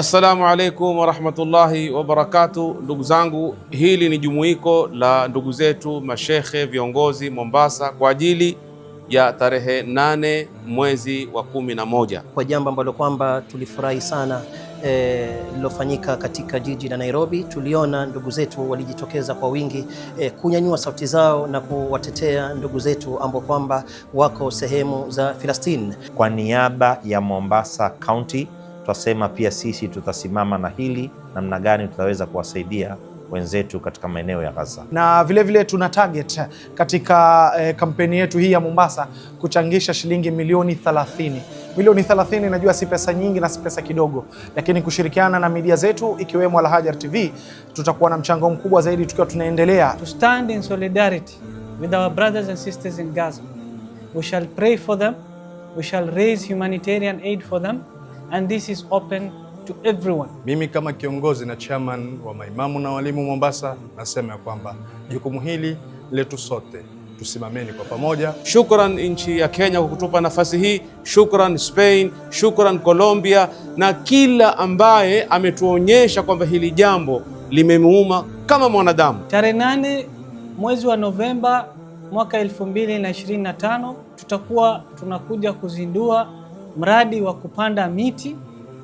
Assalamu alaikum warahmatullahi wabarakatu, ndugu zangu, hili ni jumuiko la ndugu zetu mashekhe viongozi Mombasa kwa ajili ya tarehe nane mwezi wa kumi na moja kwa jambo ambalo kwamba tulifurahi sana eh, lilofanyika e, katika jiji la na Nairobi. Tuliona ndugu zetu walijitokeza kwa wingi e, kunyanyua sauti zao na kuwatetea ndugu zetu ambao kwamba wako sehemu za Filastini. Kwa niaba ya Mombasa County tutasema pia sisi tutasimama na hili, namna gani tutaweza kuwasaidia wenzetu katika maeneo ya Gaza na vilevile vile tuna target katika eh, kampeni yetu hii ya Mombasa kuchangisha shilingi milioni 30. Milioni 30 najua si pesa nyingi na si pesa kidogo, lakini kushirikiana na media zetu ikiwemo Alhajar TV tutakuwa na mchango mkubwa zaidi tukiwa tunaendelea to stand in solidarity with our brothers and sisters in Gaza. We shall pray for them, we shall raise humanitarian aid for them and this is open to everyone. Mimi kama kiongozi na chairman wa maimamu na walimu Mombasa nasema ya kwamba jukumu hili letu sote tusimameni kwa pamoja. Shukran nchi ya Kenya kwa kutupa nafasi hii, shukran Spain, shukran Colombia na kila ambaye ametuonyesha kwamba hili jambo limemuuma kama mwanadamu. Tarehe nane mwezi wa Novemba mwaka 2025 tutakuwa tunakuja kuzindua mradi wa kupanda miti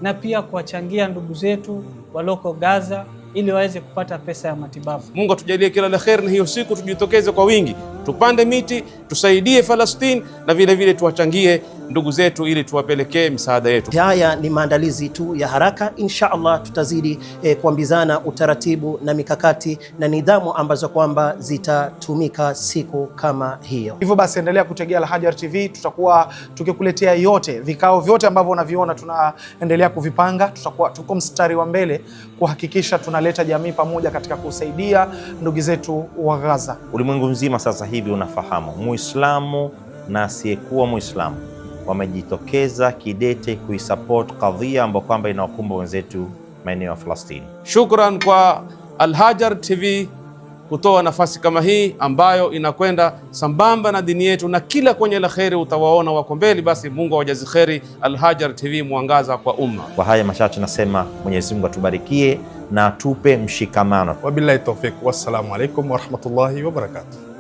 na pia kuwachangia ndugu zetu waloko Gaza ili waweze kupata pesa ya matibabu. Mungu atujalie kila la kheri, na hiyo siku tujitokeze kwa wingi tupande miti, tusaidie Falastini na vile vile tuwachangie ndugu zetu ili tuwapelekee misaada yetu. Haya ni maandalizi tu ya haraka. Insha Allah tutazidi eh, kuambizana utaratibu na mikakati na nidhamu ambazo kwamba zitatumika siku kama hiyo. Hivyo basi endelea kutegea Alhajar TV, tutakuwa tukikuletea yote, vikao vyote ambavyo unaviona tunaendelea kuvipanga. Tutakuwa tuko mstari wa mbele kuhakikisha tunaleta jamii pamoja katika kusaidia ndugu zetu wa Gaza, ulimwengu mzima sasa hii hivi unafahamu, Muislamu na asiyekuwa Muislamu wamejitokeza kidete kuisupport kadhia ambayo kwamba inawakumba wenzetu maeneo ya Falastini. Shukran kwa Alhajar TV kutoa nafasi kama hii ambayo inakwenda sambamba na dini yetu na kila kwenye la kheri utawaona wako mbele. Basi Mungu awajazi kheri. Alhajar TV, mwangaza kwa umma. Kwa haya machache nasema Mwenyezi Mungu atubarikie na atupe mshikamano. Wabillahi taufik, wassalamu alaikum warahmatullahi wabarakatuh.